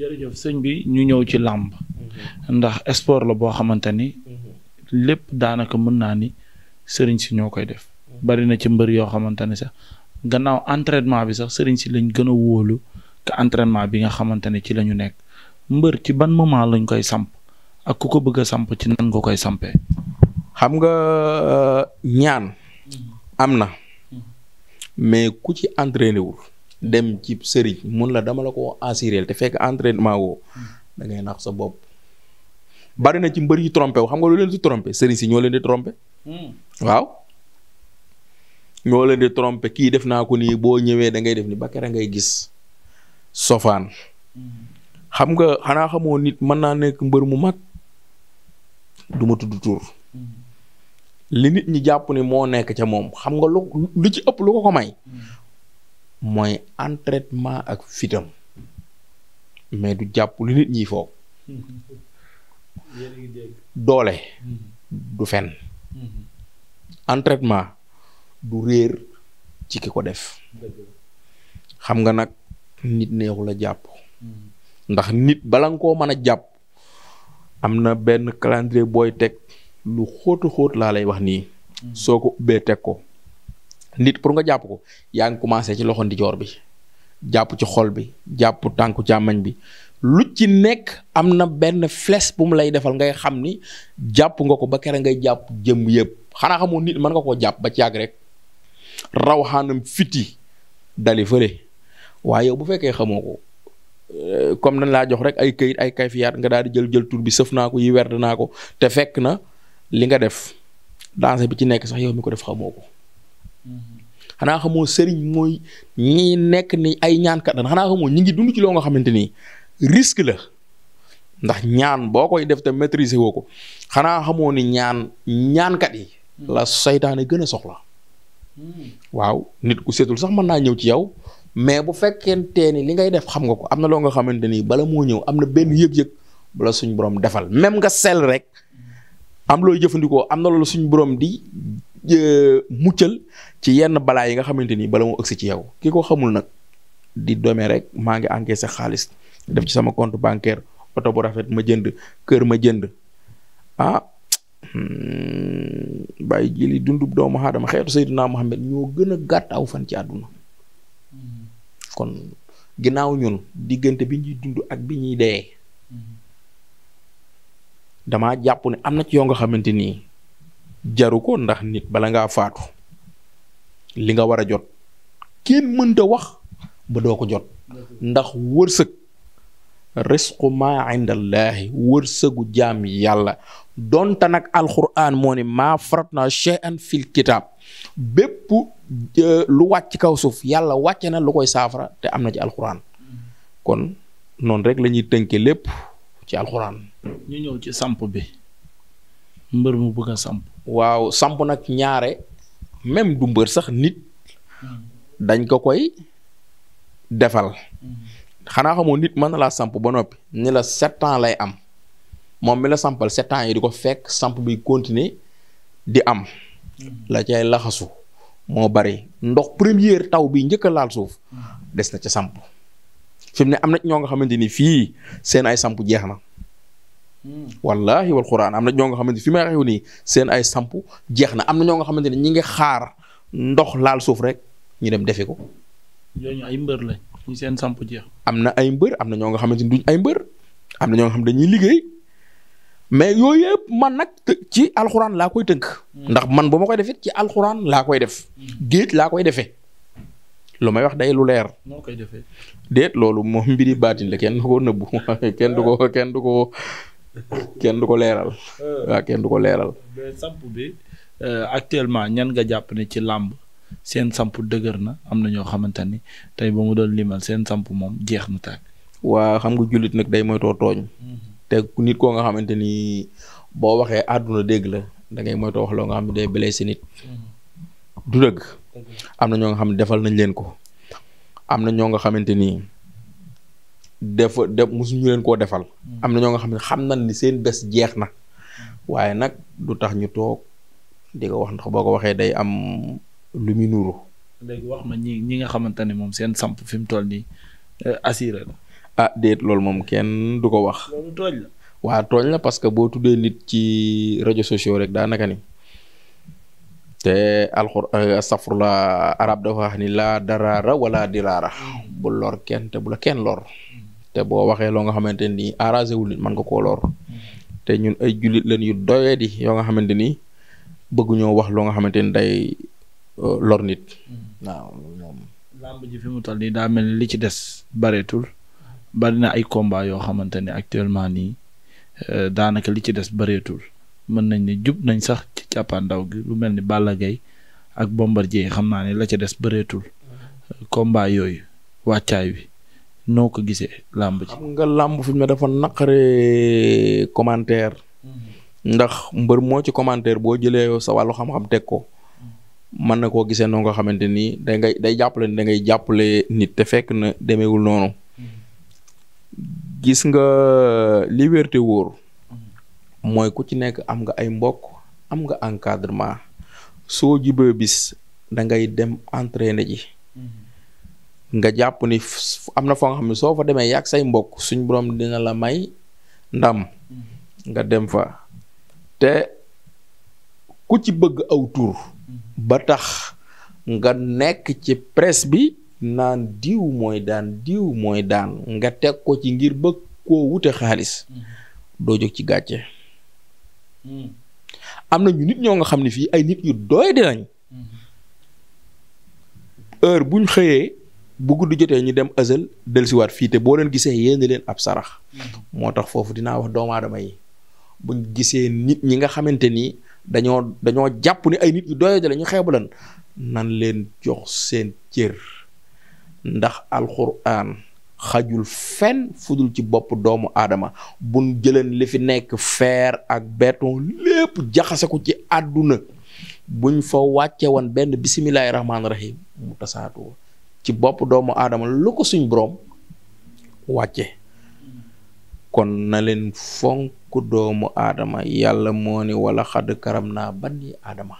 jërëjëf sëñ bi ñu ñëw ci làmb mhm. ndax sport la boo xamante ni mhm. lépp daanaka mën naa ni sëriñ si ñoo koy def mhm. bari na ci mbër yoo xamante ne sax gannaaw entraînement bi sax sëriñ si lañ gën a wóolu que entraînement bi nga xamante ne ci lañu nekk mbër ci ban moment lañ koy samp ak ku ko bëgg a samp ci nan nga koy sampee. xam nga euh, ñaan am na mais ku ci entraîné wul. dem ci sëriñ mun la dama la ko assuré te fekk entrainement woo hmm. da ngay nax sa bopp. bari na ci mbër yu trompé xam nga lu leen di trompé sëriñ si ñoo leen di hmm. waaw. ñoo leen di trompé kii def naa ko nii boo ñëwee da ngay def ni ba kere ngay gis sofaan. Hmm. xam nga xanaa xamoo nit mën naa nekk mbër mu mag du tudd tur. li nit ñi jàpp ni moo nekk ca moom xam nga lu lu ci ëpp lu ko ko may. mooy entraînement ak fitam mais du jàpp lu nit ñi foog doole du fen entraînement du réer ci ki ko def xam nga nag nit neexu la jàpp ndax nit bala nga koo mën a jàpp am na benn calendrier booy teg lu xóotu xóot laa lay wax nii hmm. soo ko ubbee teg ko nit pour nga jàpp ko yaa ngi commencé ci loxo ndijoor bi jàpp ci xol bi jàpp tànk càmmañ bi lu ci nekk am na benn flèche bu mu lay defal ngay xam ni jàpp nga ko ba kere ngay jàpp jëm yëpp xanaa xamoo nit mën nga koo jàpp ba ci yàgg rek raw xaanam fiti dali fële waaye yow bu fekkee xamoo ko euh, comme dañ laa jox rek ay kayit ay kayfiyaat nga daal di jël jël tur bi sëf naa ko yi werd naa ko te fekk na li nga def danse bi ci nekk sax yow mi ko def xamoo ko xanaa xamoo sëriñ mooy ñii nekk ni ay ñaankat dan xanaa xamoo ñi ngi dund ci loo nga xamante ni risque la ndax ñaan boo koy def te maîtriser woo ko xanaa xamoo ni ñaan ñaankat yi la seytaane gën a soxla waaw nit ku seetul sax mën naa ñëw ci yow mais bu fekkente ni li ngay def xam nga ko am na loo nga xamante ni bala moo ñëw am na benn yëg-yëg bala suñ borom defal même nga sel rek am looy jëfandikoo am na loolu suñ borom di muccal ci yenn balaa yi nga xamante ni bala moo ëgsi ci yow ki ko xamul nag di doome rek maa ngi encaissé xaalis def ci sama compte bancaire oto bu rafet ma jënd kër ma jënd ah hmm, bàyyi jili dundub doomu aadama xeetu Seydina Muhammad ñoo gën a gàtt aw fan ci àdduna hmm. kon ginnaaw ñun diggante bi ñuy dund ak bi ñuy dee hmm. damaa jàpp ne am na ci yoo nga xamante nii jaru ko ndax nit bala nga faatu li nga war a jot kenn mënta wax ba doo ko jot ndax wërsëg risqu maa indallaahi wërsëgu jaam yàlla donte nag alquran moo ne maa faratna shay'an fil kitaab bépp e, lu wàcc kaw suuf yàlla wàcce na lu koy saafara te am na ci alquran kon noonu rek lañuy ñuy tënke lépp ci alquran. ñu ñëw ci samp bi mbër mu bëgg a samp waaw samp nag ñaare même du sax nit dañ ko koy defal xanaa xamoo nit mën na laa samp ba noppi ni la sept ans lay am moom mi la sampal sept ans yi di ko fekk samp bi continuer di am la cay laxasu moo bari ndox première taw bi njëkk laal suuf des na ca samp fi ne am na ñoo nga xamante ni fii seen ay samp jeex na wallahi wal quran am na ñoo nga xamante ni fi may waxee seen ay samp jeex na am na nga xamante ne ñi ngi xaar ndox laal suuf rek ñu dem defi ko. ñooñu ay mbër lañ seen samp jeex. am na ay mbër am na ñoo nga xamante ni duñ ay mbër am na ñoo nga xam dañuy liggéey mais yooyu man nag ci alxuraan laa koy tënk. Hmm. ndax man bu ma koy defit ci alxuraan laa koy def. Hmm. géej laa koy defee. lu may wax day lu leer. noo koy defee. déet loolu moom mbiri baatin la kenn du ko nëbbu kenn du ko kenn du ko. kenn du ko leeral. Euh. waaw kenn du ko leeral. mais samp bi euh, actuellement ñan nga jàpp ne ci làmb seen samp dëgër na am na ñoo xamante ni tey ba mu doon limal seen samp moom jeex na tàkk. waa xam nga jullit nag day moytoo tooñ. Mhm. te nit koo nga xamante ni boo waxee àdduna dégg la dangay ngay moytoo wax loo nga xam ne day mhm. blessé nit. Mhm. du dëgg. am na ñoo nga xam ne defal nañ leen ko. dafa def mosuñu leen koo defal. Hmm. am na ñoo nga xam ne xam nañ ni seen bés jeex na. Hmm. waaye nag du tax ñu toog di ko wax ndax boo ko waxee day am lu muy nuru. wax ma ñi ñi nga xamante ne moom seen samp fi mu toll nii eh, assuré la. ah déet loolu moom kenn du ko wax. waa tool la parce que boo tuddee nit ci réseaux sociaux rek daanaka ni te alxur eh, safrula arab dafa wax ni laa daraara wala diraara hmm. bu lor kenn te bu la kenn lor. te boo waxee loo nga xamante ni arrangé wul nit mën nga koo lor te ñun ay jullit lañ yu doyee di yoo nga xamante ni bëgguñoo wax loo nga xamante ni day euh, lor nit. Hmm. fi mu toll nii daa mel ni li ci des bareetul bari na ay combat yoo xamante ne actuellement nii euh, daanaka li ci des bareetul mën nañ ne jub nañ sax ci càppaandaw gi lu mel ni Balla Gaye ak Bombardier xam naa ne la ca des bareetul hmm. combat yooyu wàccaay bi noo ko gisee làmb ji. nga làmb fi mu ne dafa naqaree commentaire. Mm-hmm. ndax mbër moo ci commentaire boo jëlee yow sa wàllu xam-xam teg ko. Mm-hmm. mën na koo gisee noo nga xamante ni da ngay day jàppale ni dangay jàppale nit te fekk na demeewul noonu. Mm-hmm. gis nga liberté wóor. mooy ku ci nekk am nga ay mbokk am nga encadrement soo jibee bis da ngay dem na ji. nga jàpp ni am na foo nga xam ne soo fa demee yàgg say mbokk suñ borom dina la may ndam nga dem fa te ku ci bëgg aw tur ba tax nga nekk ci presse bi naan diw mooy daan diw mooy daan nga teg ko ci ngir bëgg koo wute xaalis mm-hmm. doo jóg ci gàcce mm-hmm. am na ñu nit ñoo nga xam ne fii ay nit yu doy dinañ mm-hmm. heure buñ xëyee bu guddi jotee ñu dem ësël dellusiwaat fii te boo leen gisee yéen leen ab sarax. Mm-hmm. moo tax foofu dinaa wax doomu aadama yi buñ gisee nit ñi nga xamante ni dañoo dañoo jàpp ni ay nit yu doyoo la ñu xeebalan nan leen jox seen cër ndax alxuraan xajul fenn fudul ci bopp doomu aadama buñ jëleen li fi nekk fer ak béton lépp jaxase ko ci àdduna buñ fa wàcce woon benn bisimilahi rahmaani rahim mu tasaatoo ci bopp doomu aadama lu ko suñ boroom wàcce kon na leen fonk doomu aadama yàlla moo ni wala xadd karam naa bani aadama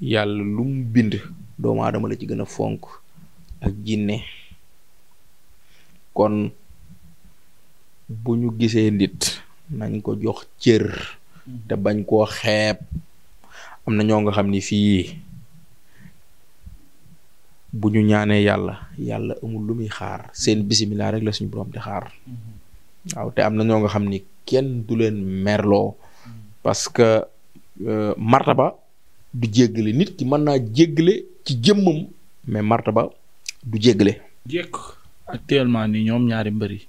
yàlla lu bind doomu aadama la ci gën a fonk ak jinne kon bu ñu gisee nit nañ ko jox cër te bañ koo xeeb am na ñoo nga xam ni fii bu ñu ñaanee yàlla yàlla amul lu muy xaar seen bisimilah rek la suñu borom di xaar waaw te am na ñoo nga xam ni kenn du leen merloo parce que euh, ba du jéggale nit ki mën naa jéggale ci jëmmam mais ba du jéggale. jékk actuellement ni ñoom ñaari mbëri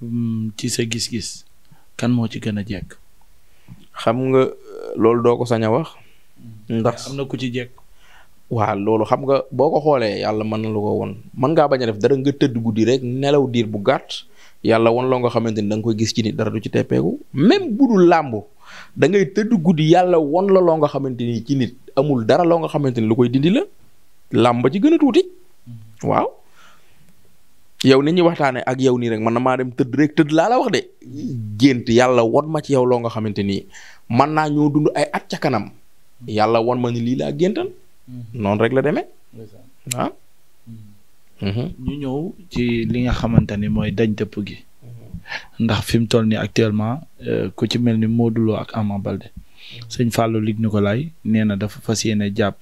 hmm, ci sa gis-gis kan moo ci gën a jekk. xam nga loolu doo ko sañ a wax. Hmm. ndax ci jekk. waaw loolu xam nga boo ko xoolee yàlla mën na lu ko woon mën ngaa bañ a def dara nga tëdd guddi rek nelaw diir bu gàtt yàlla won la nga xamante ni da nga koy gis ci nit dara du ci teppeeku même bu dul làmb da ngay tëdd guddi yàlla won la loo nga xamante ni ci nit amul dara loo nga xamante ni lu koy dindi la làmb ci gën a tuuti waaw yow nit ñuy waxtaanee ak yow nii rek man na maa dem tëdd rek tëdd laa la wax de gént yàlla won ma ci yow loo nga xamante ni mën naa ñoo dund ay at ca kanam yàlla won ma ni lii laa géntan Mm-hmm. noonu rek la demee. ah. Mm-hmm. Mm-hmm. ñu ñëw ci li nga xamante ni mooy dañ dëpp gi. ndax fi mu toll ni actuellement euh, ku ci mel ni Modou Lo ak Ama Balde. sëñ Fallou Luc Nicolaï nee na dafa fas yéene jàpp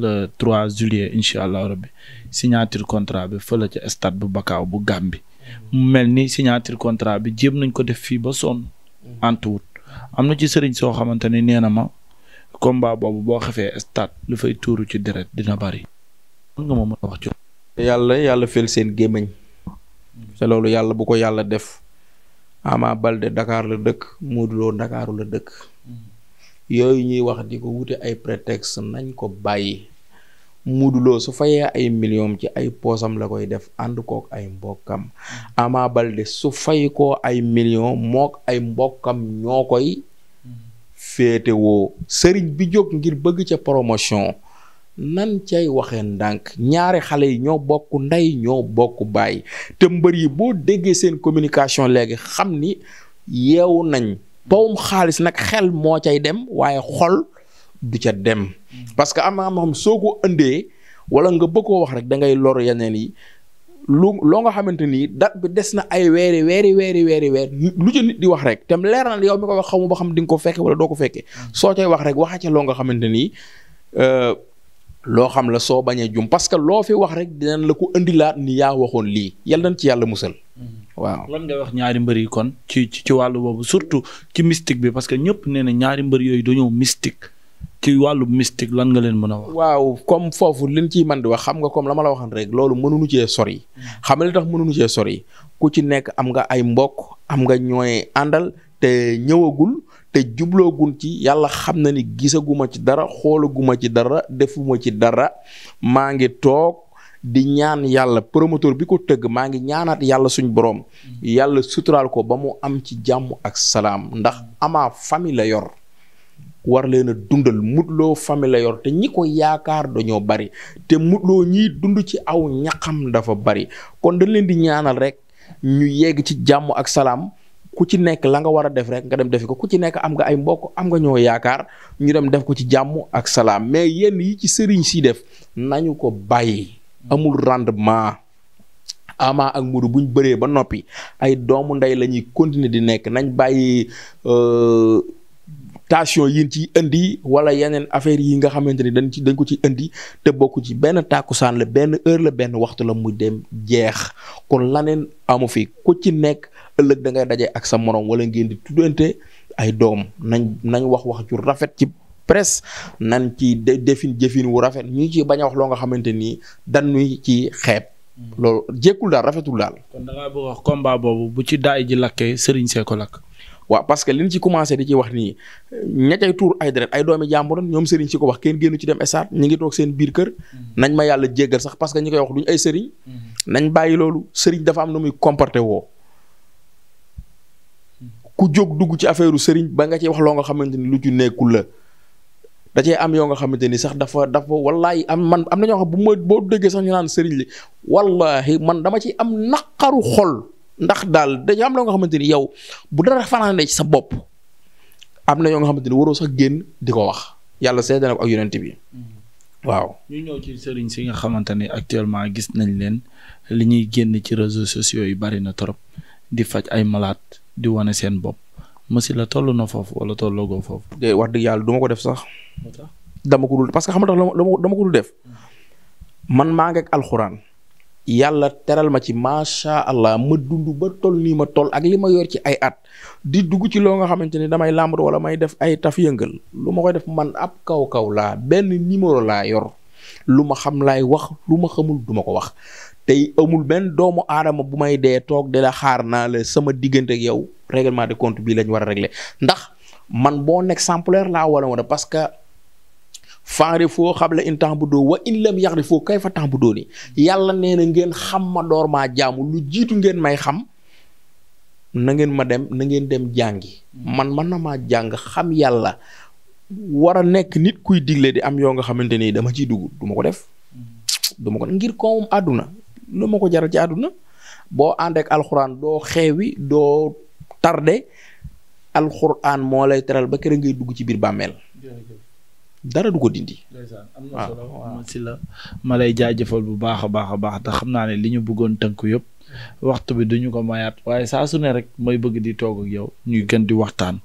le 3 juillet incha allah rabbi signature contrat bi fële stade bu Bakaaw bu Gàmbi. mel ni signature contrat bi jéem nañ ko def fii ba sonn. antuwut am na ci sëriñ soo xamante ni ma comme combat boobu boo xefee stade lu fay tuuru ci deret dina bari. nga ma wax ci. yàlla yàlla fel seen gémmiñ te loolu yàlla bu ko yàlla def Ama Balde Dakar la dëkk Modou Lo Ndakaaru la dëkk. yooyu ñuy wax di ko wute ay prétexte nañ ko bàyyi. Modou su fayee ay million ci ay poosam la koy def ànd kook ay mbokkam Ama Balde su fay koo ay million mook ay mbokkam ñoo koy. féetewoo sëriñ bi jóg ngir bëgg ca promotion nan cay waxee ndànk ñaari xale yi ñoo bokk ndey ñoo bokk baay te mbër yi boo déggee seen communication léegi xam ni yeewu nañ bawum xaalis nag xel moo cay dem waaye xol du ca dem mm. parce que am na soo ko ëndee wala nga bëggoo wax rek dangay loru yeneen yi lu loo nga xamante ni date bi des na ay weeri weeri weeri weeri weer lu ci nit di wax rek tam leer na yow mi ko wax xamu ba xam di nga ko fekke wala doo ko fekkee soo cay wax rek waxa ca loo nga xamante ni euh, loo xam la soo bañee jum parce que loo fi wax rek dinañ la ko indilaat ni yaa waxoon lii yàlla nañ ci yàlla musal. Mm-hmm. waaw lan ngay wax ñaari mbër yi kon ci ci wàllu boobu surtout ci mystique bi parce que ñëpp nee na ñaari mbër yooyu dañoo mystique. ci wàllu mystique lan nga leen mën a wax. waaw comme foofu liñ ciy man di wax xam nga comme la ma la waxan rek loolu mënuñu cee sori. xam nga li tax mënuñu cee sori ku ci nekk am nga ay mbokk am nga ñooy àndal te ñëwagul. te jubloogun ci yàlla xam na ni gisaguma ci dara xoolaguma ci dara defuma ci dara maa ngi toog di ñaan yàlla promoteur bi ko tëgg maa ngi ñaanaat yàlla suñ borom mm-hmm. yàlla suturaal ko ba mu am ci jàmm ak salaam ndax amaa famille la yor war leen a dundal mutloo famille la yor te ñi ko yaakaar dañoo bari te mut loo ñiy dund ci aw ñaqam dafa bari kon dañ leen di ñaanal rek ñu yegg ci jàmm ak salaam ku ci nekk la nga war a def rek nga dem defi ko ku ci nekk am nga ay mbokk am nga ñoo yaakaar ñu dem def ko ci jàmm ak salaam mais yenn yi ci sëriñ si def nañu ko bàyyi amul rendement ama ak mudu buñ bëree ba noppi ay doomu ndey lañuy ñuy di nekk nañ bàyyi euh, tension yi ciy indi wala yeneen affaire yi nga xamante ni dañ ci dañ ko ci indi te bokku ci benn tàkkusaan la benn heure la benn waxtu la mu dem jeex kon laneen amu fi ku ci nekk ëllëg da ngay daje ak sa morom wala ngeen di tuddante ay doom nañ nañ wax wax ju rafet ci presse nan ci defin jëfin wu rafet ñu ci bañ wax loo nga xamante ni dañuy ci xeeb. Hmm. loolu jékkul daal rafetul daal. kon da ngaa bëgg boobu bu ci daay ji lakkee Serigne Seko lakk. waaw parce li liñ ci commencé di ci wax nii ña tour tuur ay deret ay doomi jàmbur ñoom sëriñ si ko wax kenn génnu ci dem estaat ñu ngi toog seen biir kër mhm. nañ ma yàlla jéggal sax parce que ñi koy wax duñ ay sëriñ mhm. nañ bàyyi loolu sëriñ dafa am na muy comporté woo ku jóg dugg ci affaire sëriñ ba nga ci wax loo nga xamante ni lu ju nekkul la da am yoo nga xamante ni sax dafa dafa wallaahi am man am na ñoo xam bu ma boo déggee sax ñu naan sëriñ li wallaahi man dama ci am naqaru xol ndax daal dañu am loo nga xamante ni yow bu dara fanaanee ci sa bopp am na yoo nga xamante ni waroo sax génn di ko wax yàlla seede na ak yonent bi mm-hmm. waaw. ñu ñëw ci sëriñ si nga xamante ne actuellement gis nañ leen li ñuy génn ci réseaux sociaux yi bari na trop di faj ay malaat di wane seen bopp Massi la toll na foofu wala tolloogoo foofu. de wax dëgg yàlla duma ko def sax. dama ko dul parce que xam nga dama ko dul def mm-hmm. man maa ngi alxuraan. yàlla teral ma ci macha allah ma dund ba toll nii ma toll ak li ma yor ci ay at di dugg ci loo nga xamante ni damay làmbar wala may def ay taf yëngal lu ma koy def man ab kaw kaw laa benn numéro laa yor lu ma xam laay wax lu ma xamul duma ko wax tey amul benn doomu aadama bu may dee toog di la xaar naa la sama diggante yow règlement de compte bii lañ war a régler ndax man bon exemple laa wala wala parce faarifoo xabla in ta'budoo wa in lam yaxrifoo kayfa ta'budooni yàlla nee na ngeen xam ma door maa jaamu lu jiitu ngeen may xam na ngeen ma dem na ngeen dem jàngi man mën na ma jàng xam yàlla war a nekk nit kuy digle di am yow nga xamante ni dama ciy dugg duma ko def du ma ko ngir koomum àdduna lu ma ko jaral ci àdduna boo àndeek alxuraan doo xeewi doo tardé alxuraan moo lay teral ba kër ngay dugg ci biir bàmmeel dara du ko dindi. am na solo waaw si la ma lay jaajëfal bu baax a baax a baax te xam naa ne li ñu bëggoon tënk yëpp waxtu bi duñu ko mayaat waaye saa su ne rek mooy bëgg di toog ak yow ñuy gën di waxtaan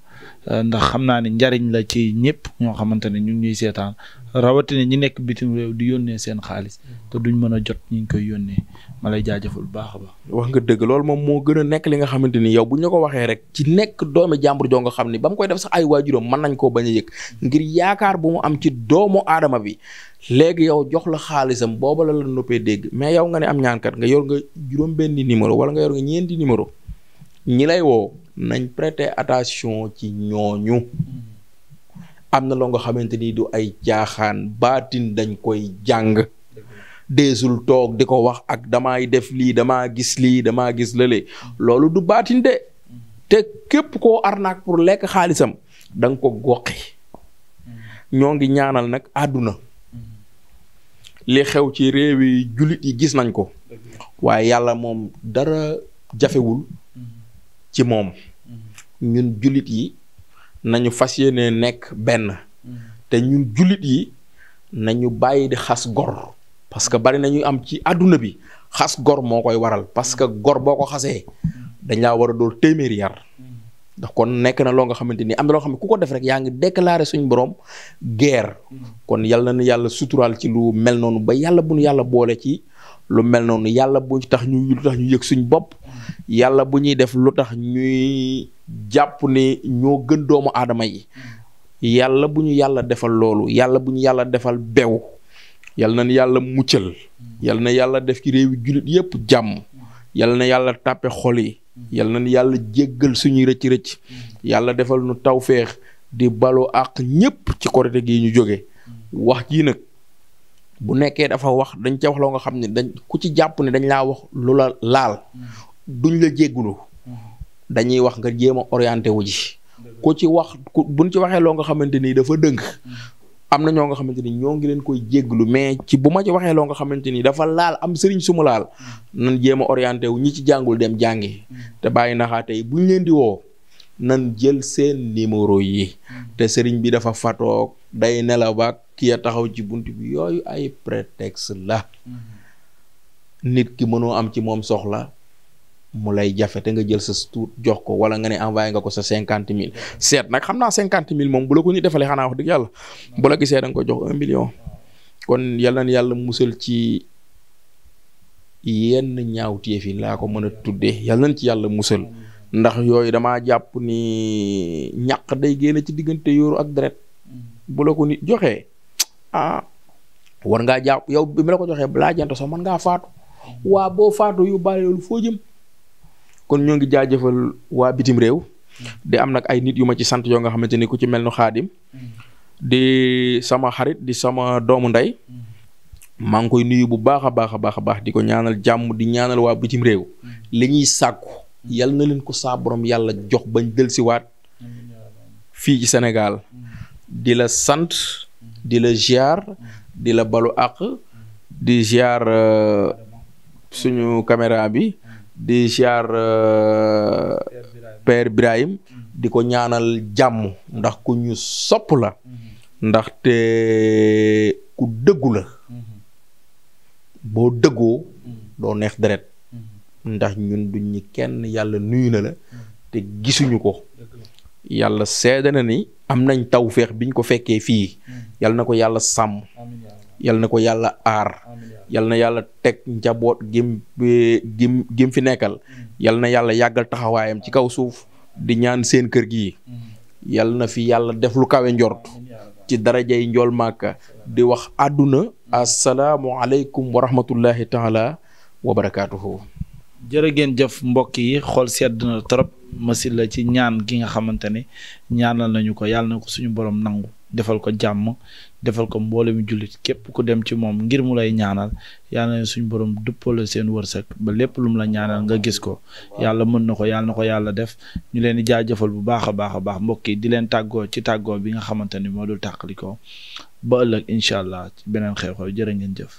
ndax xam naa ne njariñ la ci ñëpp ñoo xamante ne ñun ñuy seetaan rawatina ñi nekk bitim réew di yónnee seen xaalis te duñ mën a jot ñi ngi koy yónnee ma lay jaajëfal bu baax a baax. wax nga dëgg loolu moom moo gën a nekk li nga xamante ni yow bu ñu ko waxee rek ci nekk doomi jàmbur joo nga xam ni ba mu koy def sax ay waa waajuram mën nañ koo bañ a yëg ngir yaakaar bu mu am ci doomu aadama bi léegi yow jox la xaalisam booba la la noppee dégg mais yow nga ne am ñaankat nga yor nga juróom-benni numéro wala nga yor nga ñeenti numéro ñi lay woo nañ prêter attention ci ñooñu. am na loo nga xamante ni du ay jaaxaan baatin dañ koy jàng deesul toog di ko wax ak damay def lii dama gis lii damaa gis lële loolu du baatin de te képp koo arnaak pour lekk xaalisam da ko goqi ñoo ngi ñaanal nag àdduna li xew ci réew yi jullit yi gis nañ ko waaye yàlla moom dara jafewul ci moom ñun jullit yi nañu fas yéene nekk benn te ñun jullit yi nañu bàyyi di xas gor parce que bari nañu am ci àdduna bi xas gor moo koy waral parce que gor boo ko xasee dañ laa war a dóor téeméeri yar ndax kon nekk na loo nga xamante ni am na loo xam ne ku ko def rek yaa ngi déclaré suñu borom guerre kon yàlla na yàlla suturaal ci lu mel noonu ba yàlla bu nu yàlla boole ci lu mel noonu yàlla bu tax ñu lu tax ñu yëg suñ bopp yàlla bu ñuy def lu tax ñuy jàpp ni ñoo gën doomu aadama yi yàlla bu ñu yàlla defal loolu yàlla bu ñu yàlla defal bew yàlla na yàlla muccal yàlla na yàlla def ci réewi jullit yépp jàmm yàlla na yàlla tàppe xol yi yàlla na yàlla jéggal suñuy rëcc rëcc yàlla defal nu tawféex di baloo àq ñépp ci korite gi ñu jóge wax jii nag bu nekkee dafa wax dañ ca wax loo nga xam ne dañ ku ci jàpp ni dañ laa wax lu la laal duñ la jéggulu dañuy wax nga jéem a orienté wu ji. ku ci wax ku buñ ci waxee loo nga xamante ni dafa dënk. am na ñoo nga xamante ni ñoo ngi leen koy jégglu mais ci bu ma ci waxee loo nga xamante ni dafa laal am sëriñ suma laal. nan jéem a orienté wu ñi ci jàngul dem jàngi. te bàyyi naxaate yi buñ leen di woo. nan jël seen numéro yi. te sëriñ bi dafa fatoog day nelawaak ba ki a taxaw ci bunt bi yooyu ay prétexte la. nit ki mënoo am ci moom soxla. mu lay jafe te nga jël sa tuut jox ko wala nga ne envoyé nga ko sa cinquante mille seet nag xam na cinquante mille moom bu la ko ñu defalee xanaa wax dëgg yàlla la gisee nga ko jox un million kon na yàlla musal ci yenn ñaawteef yi laa ko mën a tuddee yàlla nañ ci yàlla musal ndax yooyu damaa jàpp ni ñàq day génn ci diggante yóoru ak deret bu ko nit joxee a ah, war ngaa jàpp yow bi mu la ko joxee balaa jant so mën ngaa faatu waa boo faatu yu bàyyi loolu foo kon ñoo ngi jaajëfal waa bitim réew. di am nag ay nit yu ma ci sant yoo nga xamante ni ku ci mel nu xaadim. di sama xarit di sama doomu ndey. maa ngi koy nuyu bu baax a baax a baax a baax di ko ñaanal jàmm di ñaanal waa bitim réew. li ñuy sàkku. yal na leen ko saa borom yàlla jox bañ dellusiwaat. fii ci Sénégal. di la sant. di la ziar. di la balu àq. di ziar euh, suñu caméra bi. di siyaar euh, Père Birahim di ko ñaanal jàmm ndax ku ñu sopp la ndaxte ku dëggu la boo dëggoo doo neex deret ndax ñun duñ ñi kenn yàlla nuyu na la te gisuñu ko yàlla seede na ni am nañ tawféex biñ ko fekkee fii yàlla na ko yàlla sàmm yàlla na ko yàlla aar yal na yàlla teg njaboot gim gim fi nekkal mm-hmm. yal na yàlla yàggal taxawaayam ci kaw suuf di ñaan seen kër gi mm-hmm. yal na fi yàlla def lu kawe njort ci darajay njool màkka di wax àdduna asalaamualeykum wa rahmatullahi taala wa barakaatuhu jërëgeen jëf mbokk yi xool sedd na trop masil la ci ñaan gi nga xamante ne ñaanal nañu ko yàlla na ko suñu borom nangu defal ko jàmm defal ko mboole mu jullit képp ku dem ci moom ngir mu lay ñaanal yàlla na suñ borom duppale seen wërsëg ba lépp lu mu la ñaanal nga gis ko yàlla mën na ko yàlla na ko yàlla def ñu leen di jaajëfal bu baax a baax a baax mbokk yi di leen tàggoo ci tàggoo bi nga xamante ni moo dul tàqali ko ba ëllëg incha allah beneen xew-xew jërë ngeen jëf